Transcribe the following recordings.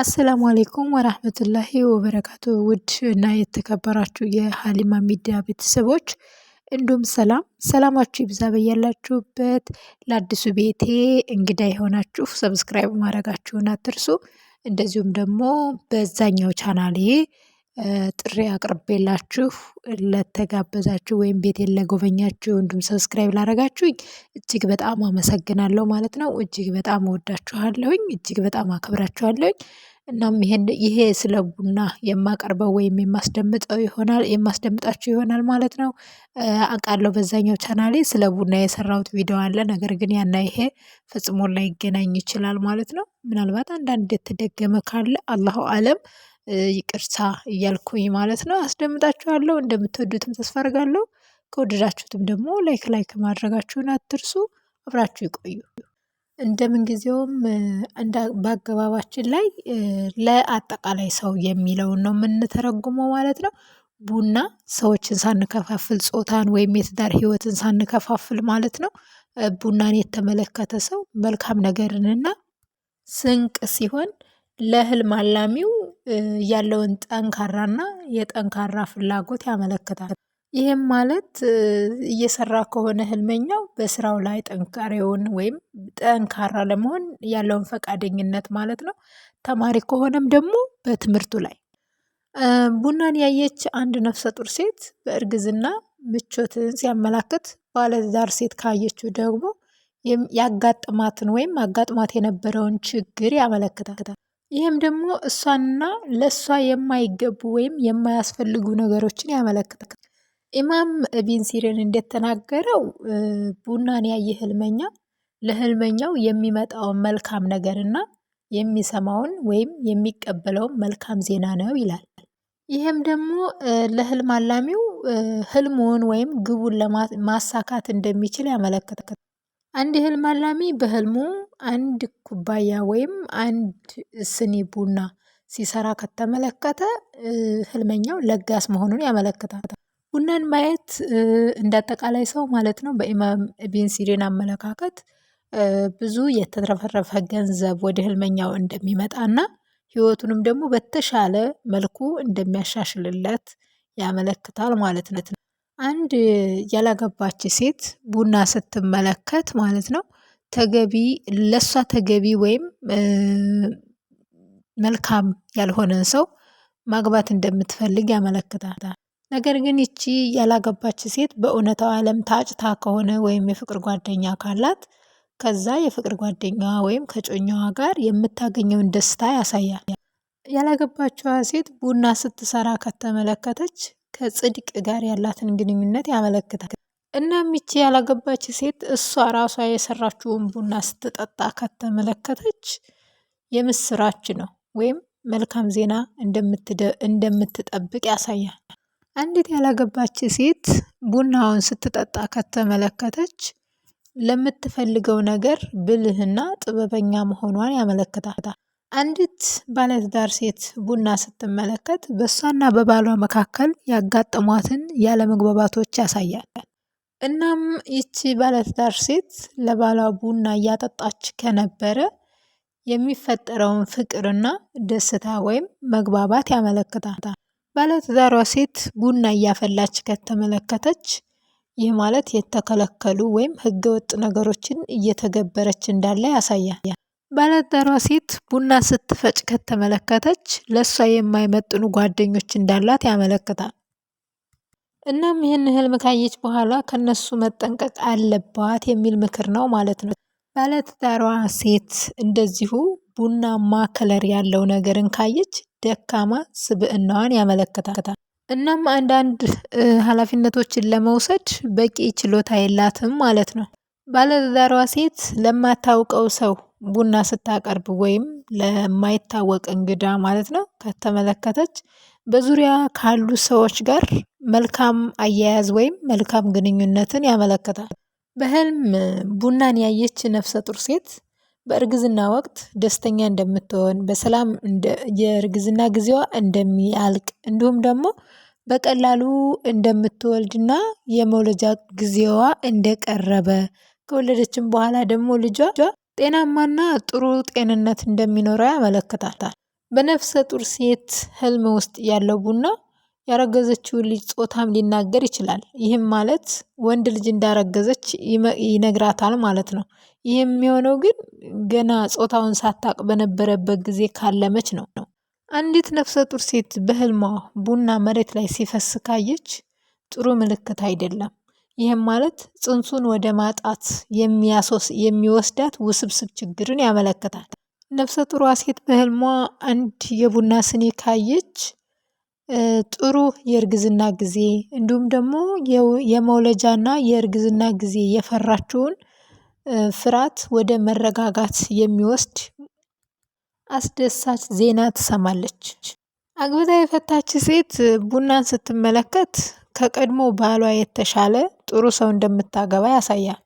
አሰላሙ አሌይኩም ወራህመቱላሂ ወበረካቱ። ውድ እና የተከበራችሁ የሀሊማ ሚዲያ ቤተሰቦች እንዲሁም ሰላም ሰላማችሁ ይብዛ በያላችሁበት። ለአዲሱ ቤቴ እንግዳ የሆናችሁ ሰብስክራይብ ማድረጋችሁን አትርሱ። እንደዚሁም ደግሞ በዛኛው ቻናሌ ጥሪ አቅርቤላችሁ ለተጋበዛችሁ ወይም ቤቴን ለጎበኛችሁ እንዲሁም ሰብስክራይብ ላረጋችሁ እጅግ በጣም አመሰግናለሁ ማለት ነው። እጅግ በጣም ወዳችኋለሁኝ፣ እጅግ በጣም አከብራችኋለሁኝ። እናም ይሄን ይሄ ስለ ቡና የማቀርበው ወይም የማስደምጠው ይሆናል የማስደምጣችሁ ይሆናል ማለት ነው። አውቃለሁ በዛኛው ቻናሌ ስለ ቡና የሰራሁት ቪዲዮ አለ ነገር ግን ያና ይሄ ፈጽሞ ላይገናኝ ይችላል ማለት ነው። ምናልባት አንዳንድ የተደገመ ካለ አላሁ አለም ይቅርታ እያልኩኝ ማለት ነው። አስደምጣችኋለሁ እንደምትወዱትም ተስፋ አርጋለሁ። ከወደዳችሁትም ደግሞ ላይክ ላይክ ማድረጋችሁን አትርሱ። አብራችሁ ይቆዩ። እንደምን ጊዜውም በአገባባችን ላይ ለአጠቃላይ ሰው የሚለውን ነው የምንተረጉመው ማለት ነው። ቡና ሰዎችን ሳንከፋፍል ጾታን ወይም የትዳር ህይወትን ሳንከፋፍል ማለት ነው። ቡናን የተመለከተ ሰው መልካም ነገርንና ስንቅ ሲሆን ለህልም አላሚው ያለውን ጠንካራና የጠንካራ ፍላጎት ያመለክታል። ይህም ማለት እየሰራ ከሆነ ህልመኛው በስራው ላይ ጥንካሬውን ወይም ጠንካራ ለመሆን ያለውን ፈቃደኝነት ማለት ነው። ተማሪ ከሆነም ደግሞ በትምህርቱ ላይ ቡናን ያየች አንድ ነፍሰ ጡር ሴት በእርግዝና ምቾትን ሲያመላክት ባለትዳር ሴት ካየችው ደግሞ ያጋጥማትን ወይም አጋጥሟት የነበረውን ችግር ያመለክታል ይህም ደግሞ እሷንና ለእሷ የማይገቡ ወይም የማያስፈልጉ ነገሮችን ያመለክታል። ኢማም ኢብን ሲሪን እንደተናገረው ቡናን ያየ ህልመኛ ለህልመኛው የሚመጣውን መልካም ነገርና የሚሰማውን ወይም የሚቀበለውን መልካም ዜና ነው ይላል። ይህም ደግሞ ለህልም አላሚው ህልሙን ወይም ግቡን ለማሳካት እንደሚችል ያመለክታል። አንድ ህልም አላሚ በህልሙ አንድ ኩባያ ወይም አንድ ስኒ ቡና ሲሰራ ከተመለከተ ህልመኛው ለጋስ መሆኑን ያመለክታል። ቡናን ማየት እንደ አጠቃላይ ሰው ማለት ነው በኢማም ኢብን ሲሪን አመለካከት ብዙ የተትረፈረፈ ገንዘብ ወደ ህልመኛው እንደሚመጣና ህይወቱንም ደግሞ በተሻለ መልኩ እንደሚያሻሽልለት ያመለክታል ማለት ነው። አንድ ያላገባች ሴት ቡና ስትመለከት ማለት ነው ተገቢ ለእሷ ተገቢ ወይም መልካም ያልሆነ ሰው ማግባት እንደምትፈልግ ያመለክታል። ነገር ግን ይቺ ያላገባች ሴት በእውነታው ዓለም ታጭታ ከሆነ ወይም የፍቅር ጓደኛ ካላት ከዛ የፍቅር ጓደኛዋ ወይም ከጮኛዋ ጋር የምታገኘውን ደስታ ያሳያል። ያላገባችዋ ሴት ቡና ስትሰራ ከተመለከተች ከጽድቅ ጋር ያላትን ግንኙነት ያመለክታል። እና ይቺ ያላገባች ሴት እሷ ራሷ የሰራችውን ቡና ስትጠጣ ከተመለከተች የምስራች ነው ወይም መልካም ዜና እንደምትጠብቅ ያሳያል። አንዲት ያላገባች ሴት ቡናውን ስትጠጣ ከተመለከተች ለምትፈልገው ነገር ብልህና ጥበበኛ መሆኗን ያመለክታል። አንዲት ባለትዳር ሴት ቡና ስትመለከት በእሷና በባሏ መካከል ያጋጠሟትን ያለመግባባቶች ያሳያል። እናም ይቺ ባለትዳር ሴት ለባሏ ቡና እያጠጣች ከነበረ የሚፈጠረውን ፍቅርና ደስታ ወይም መግባባት ያመለክታታል። ባለትዳሯ ሴት ቡና እያፈላች ከተመለከተች ይህ ማለት የተከለከሉ ወይም ህገወጥ ነገሮችን እየተገበረች እንዳለ ያሳያል። ባለትዳሯ ሴት ቡና ስትፈጭ ከተመለከተች ለእሷ የማይመጥኑ ጓደኞች እንዳሏት ያመለክታል። እናም ይህን ህልም ካየች በኋላ ከነሱ መጠንቀቅ አለባት የሚል ምክር ነው ማለት ነው። ባለትዳሯ ሴት እንደዚሁ ቡናማ ከለር ያለው ነገርን ካየች ደካማ ስብዕናዋን ያመለክታል። እናም አንዳንድ ኃላፊነቶችን ለመውሰድ በቂ ችሎታ የላትም ማለት ነው። ባለትዳሯ ሴት ለማታውቀው ሰው ቡና ስታቀርብ ወይም ለማይታወቅ እንግዳ ማለት ነው ከተመለከተች በዙሪያ ካሉ ሰዎች ጋር መልካም አያያዝ ወይም መልካም ግንኙነትን ያመለክታል። በህልም ቡናን ያየች ነፍሰ ጡር ሴት በእርግዝና ወቅት ደስተኛ እንደምትሆን በሰላም የእርግዝና ጊዜዋ እንደሚያልቅ እንዲሁም ደግሞ በቀላሉ እንደምትወልድና የመውለጃ ጊዜዋ እንደቀረበ ከወለደችም በኋላ ደግሞ ልጇ ጤናማና ጥሩ ጤንነት እንደሚኖረው ያመለክታታል በነፍሰ ጡር ሴት ህልም ውስጥ ያለው ቡና ያረገዘችውን ልጅ ጾታም ሊናገር ይችላል። ይህም ማለት ወንድ ልጅ እንዳረገዘች ይነግራታል ማለት ነው። ይህም የሚሆነው ግን ገና ጾታውን ሳታቅ በነበረበት ጊዜ ካለመች ነው ነው። አንዲት ነፍሰ ጡር ሴት በህልሟ ቡና መሬት ላይ ሲፈስ ካየች ጥሩ ምልክት አይደለም። ይህም ማለት ጽንሱን ወደ ማጣት የሚወስዳት ውስብስብ ችግርን ያመለክታል። ነፍሰ ጡሯ ሴት በህልሟ አንድ የቡና ስኒ ካየች ጥሩ የእርግዝና ጊዜ እንዲሁም ደግሞ የመውለጃና የእርግዝና ጊዜ የፈራችውን ፍርሃት ወደ መረጋጋት የሚወስድ አስደሳች ዜና ትሰማለች። አግብታ የፈታች ሴት ቡናን ስትመለከት ከቀድሞ ባሏ የተሻለ ጥሩ ሰው እንደምታገባ ያሳያል።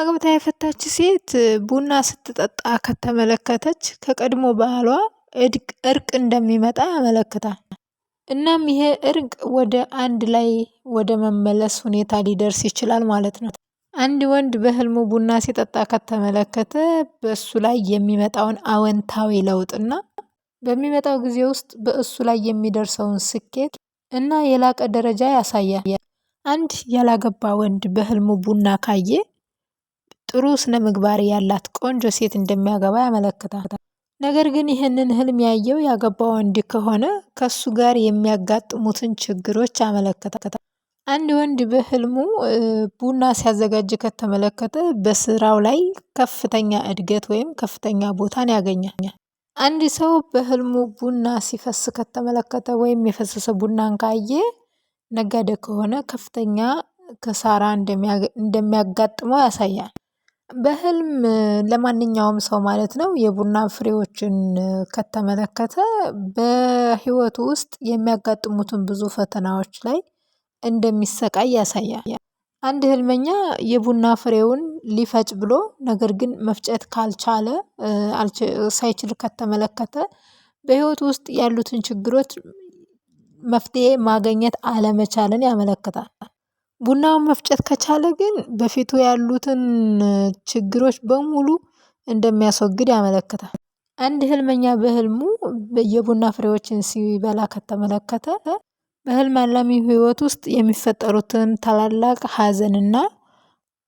አግብታ የፈታች ሴት ቡና ስትጠጣ ከተመለከተች ከቀድሞ ባሏ እርቅ እንደሚመጣ ያመለክታል። እናም ይሄ እርቅ ወደ አንድ ላይ ወደ መመለስ ሁኔታ ሊደርስ ይችላል ማለት ነው። አንድ ወንድ በህልሙ ቡና ሲጠጣ ከተመለከተ በእሱ ላይ የሚመጣውን አወንታዊ ለውጥና በሚመጣው ጊዜ ውስጥ በእሱ ላይ የሚደርሰውን ስኬት እና የላቀ ደረጃ ያሳያል። አንድ ያላገባ ወንድ በህልሙ ቡና ካየ ጥሩ ስነ ምግባር ያላት ቆንጆ ሴት እንደሚያገባ ያመለክታል። ነገር ግን ይህንን ህልም ያየው ያገባው ወንድ ከሆነ ከሱ ጋር የሚያጋጥሙትን ችግሮች ያመለክታል። አንድ ወንድ በህልሙ ቡና ሲያዘጋጅ ከተመለከተ በስራው ላይ ከፍተኛ እድገት ወይም ከፍተኛ ቦታን ያገኛል። አንድ ሰው በህልሙ ቡና ሲፈስ ከተመለከተ ወይም የፈሰሰ ቡናን ካየ ነጋዴ ከሆነ ከፍተኛ ከሳራ እንደሚያጋጥመው ያሳያል። በህልም ለማንኛውም ሰው ማለት ነው የቡና ፍሬዎችን ከተመለከተ በህይወቱ ውስጥ የሚያጋጥሙትን ብዙ ፈተናዎች ላይ እንደሚሰቃይ ያሳያል። አንድ ህልመኛ የቡና ፍሬውን ሊፈጭ ብሎ ነገር ግን መፍጨት ካልቻለ ሳይችል ከተመለከተ በህይወቱ ውስጥ ያሉትን ችግሮች መፍትሄ ማግኘት አለመቻልን ያመለክታል ቡናውን መፍጨት ከቻለ ግን በፊቱ ያሉትን ችግሮች በሙሉ እንደሚያስወግድ ያመለክታል። አንድ ህልመኛ በህልሙ የቡና ፍሬዎችን ሲበላ ከተመለከተ በህልም አላሚ ህይወት ውስጥ የሚፈጠሩትን ታላላቅ ሀዘንና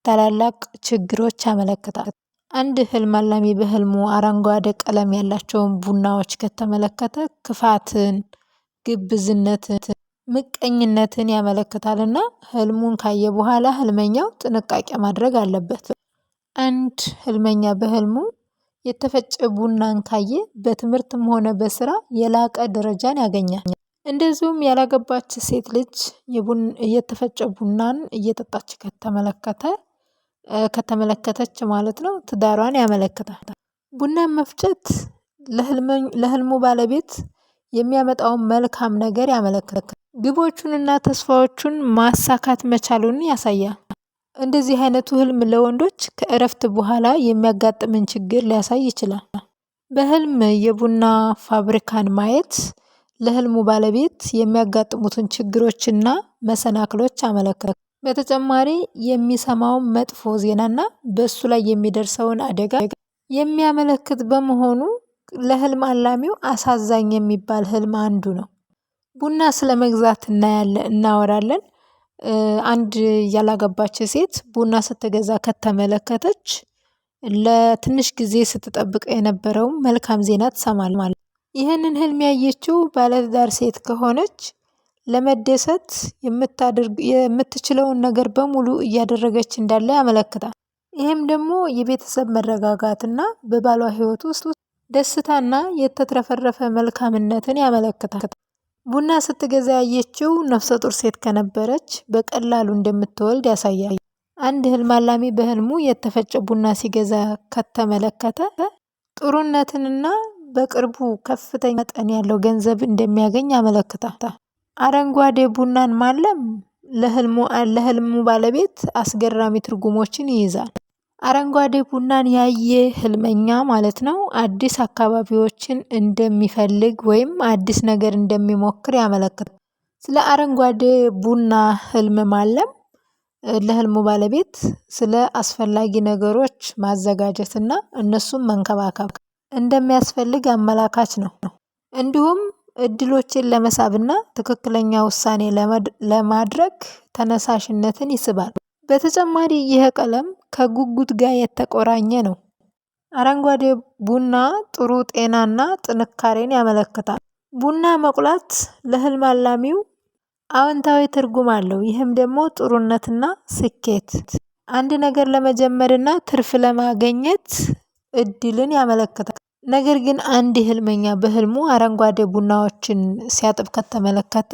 ታላላቅ ችግሮች ያመለክታል። አንድ ህልም አላሚ በህልሙ አረንጓዴ ቀለም ያላቸውን ቡናዎች ከተመለከተ ክፋትን፣ ግብዝነትን ምቀኝነትን ያመለክታልና ህልሙን ካየ በኋላ ህልመኛው ጥንቃቄ ማድረግ አለበት። አንድ ህልመኛ በህልሙ የተፈጨ ቡናን ካየ በትምህርትም ሆነ በስራ የላቀ ደረጃን ያገኛል። እንደዚሁም ያላገባች ሴት ልጅ የተፈጨ ቡናን እየጠጣች ከተመለከተ ከተመለከተች ማለት ነው ትዳሯን ያመለክታል። ቡናን መፍጨት ለህልሙ ባለቤት የሚያመጣውን መልካም ነገር ያመለክታል ግቦቹንና ተስፋዎቹን ማሳካት መቻሉን ያሳያል። እንደዚህ አይነቱ ህልም ለወንዶች ከእረፍት በኋላ የሚያጋጥምን ችግር ሊያሳይ ይችላል። በህልም የቡና ፋብሪካን ማየት ለህልሙ ባለቤት የሚያጋጥሙትን ችግሮችና መሰናክሎች አመለከተ። በተጨማሪ የሚሰማውን መጥፎ ዜናና በእሱ ላይ የሚደርሰውን አደጋ የሚያመለክት በመሆኑ ለህልም አላሚው አሳዛኝ የሚባል ህልም አንዱ ነው። ቡና ስለመግዛት እናያለን እናወራለን። አንድ ያላገባች ሴት ቡና ስትገዛ ከተመለከተች ለትንሽ ጊዜ ስትጠብቀ የነበረውም መልካም ዜና ትሰማል ማለት ይህንን ህልም ያየችው ባለትዳር ሴት ከሆነች ለመደሰት የምትችለውን ነገር በሙሉ እያደረገች እንዳለ ያመለክታል። ይህም ደግሞ የቤተሰብ መረጋጋትና በባሏ ህይወት ውስጥ ደስታና የተትረፈረፈ መልካምነትን ያመለክታል ቡና ስትገዛ ያየችው ነፍሰ ጡር ሴት ከነበረች በቀላሉ እንደምትወልድ ያሳያል። አንድ ህልም አላሚ በህልሙ የተፈጨ ቡና ሲገዛ ከተመለከተ ጥሩነትንና በቅርቡ ከፍተኛ መጠን ያለው ገንዘብ እንደሚያገኝ ያመለክታል። አረንጓዴ ቡናን ማለም ለህልሙ ባለቤት አስገራሚ ትርጉሞችን ይይዛል። አረንጓዴ ቡናን ያየ ህልመኛ ማለት ነው አዲስ አካባቢዎችን እንደሚፈልግ ወይም አዲስ ነገር እንደሚሞክር ያመለክታል። ስለ አረንጓዴ ቡና ህልም ማለም ለህልሙ ባለቤት ስለ አስፈላጊ ነገሮች ማዘጋጀት እና እነሱም መንከባከብ እንደሚያስፈልግ አመላካች ነው። እንዲሁም እድሎችን ለመሳብ እና ትክክለኛ ውሳኔ ለማድረግ ተነሳሽነትን ይስባል በተጨማሪ ይህ ቀለም ከጉጉት ጋር የተቆራኘ ነው። አረንጓዴ ቡና ጥሩ ጤናና ጥንካሬን ያመለክታል። ቡና መቁላት ለህልም አላሚው አዎንታዊ ትርጉም አለው። ይህም ደግሞ ጥሩነትና ስኬት፣ አንድ ነገር ለመጀመርና ትርፍ ለማገኘት እድልን ያመለክታል። ነገር ግን አንድ ህልመኛ በህልሙ አረንጓዴ ቡናዎችን ሲያጥብ ከተመለከተ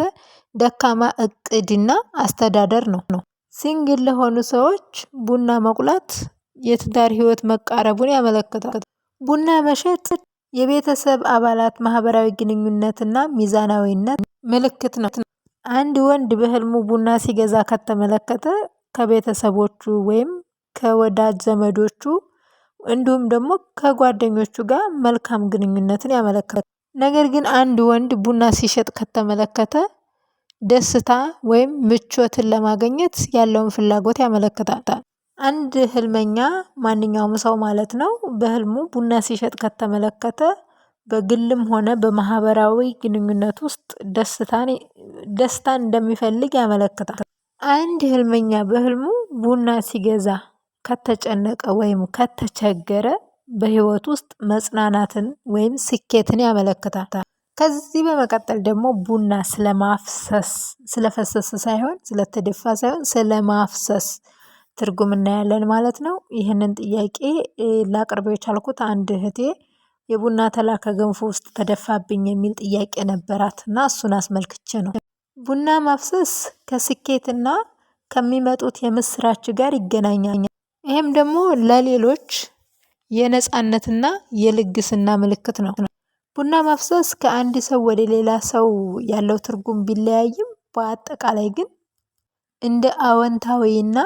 ደካማ እቅድና አስተዳደር ነው ነው ሲንግል ለሆኑ ሰዎች ቡና መቁላት የትዳር ህይወት መቃረቡን ያመለክታል። ቡና መሸጥ የቤተሰብ አባላት ማህበራዊ ግንኙነትና ሚዛናዊነት ምልክት ነው። አንድ ወንድ በህልሙ ቡና ሲገዛ ከተመለከተ ከቤተሰቦቹ ወይም ከወዳጅ ዘመዶቹ እንዲሁም ደግሞ ከጓደኞቹ ጋር መልካም ግንኙነትን ያመለክታል። ነገር ግን አንድ ወንድ ቡና ሲሸጥ ከተመለከተ ደስታ ወይም ምቾትን ለማግኘት ያለውን ፍላጎት ያመለክታታል። አንድ ህልመኛ ማንኛውም ሰው ማለት ነው በህልሙ ቡና ሲሸጥ ከተመለከተ በግልም ሆነ በማህበራዊ ግንኙነት ውስጥ ደስታን እንደሚፈልግ ያመለክታል። አንድ ህልመኛ በህልሙ ቡና ሲገዛ ከተጨነቀ ወይም ከተቸገረ በህይወት ውስጥ መጽናናትን ወይም ስኬትን ያመለክታል ከዚህ በመቀጠል ደግሞ ቡና ስለማፍሰስ ስለፈሰስ ሳይሆን ስለተደፋ ሳይሆን ስለማፍሰስ ትርጉም እናያለን ማለት ነው። ይህንን ጥያቄ ላቅርበው የቻልኩት አንድ እህቴ የቡና ተላ ከገንፎ ውስጥ ተደፋብኝ የሚል ጥያቄ ነበራት እና እሱን አስመልክቼ ነው። ቡና ማፍሰስ ከስኬትና ከሚመጡት የምስራች ጋር ይገናኛል። ይህም ደግሞ ለሌሎች የነፃነትና የልግስና ምልክት ነው። ቡና ማፍሰስ ከአንድ ሰው ወደ ሌላ ሰው ያለው ትርጉም ቢለያይም በአጠቃላይ ግን እንደ አወንታዊና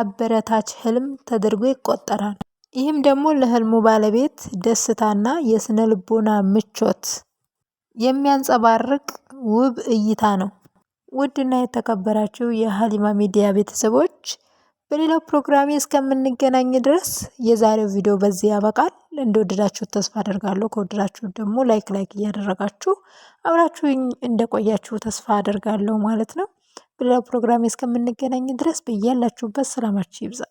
አበረታች ህልም ተደርጎ ይቆጠራል። ይህም ደግሞ ለህልሙ ባለቤት ደስታና የስነ ልቦና ምቾት የሚያንጸባርቅ ውብ እይታ ነው። ውድና የተከበራችሁ የሀሊማ ሚዲያ ቤተሰቦች በሌላው ፕሮግራሜ እስከምንገናኝ ድረስ የዛሬው ቪዲዮ በዚህ ያበቃል። እንደወደዳችሁ ተስፋ አደርጋለሁ። ከወደዳችሁ ደግሞ ላይክ ላይክ እያደረጋችሁ አብራችሁ እንደቆያችሁ ተስፋ አደርጋለሁ ማለት ነው። በሌላው ፕሮግራሜ እስከምንገናኝ ድረስ በያላችሁበት ሰላማችሁ ይብዛ።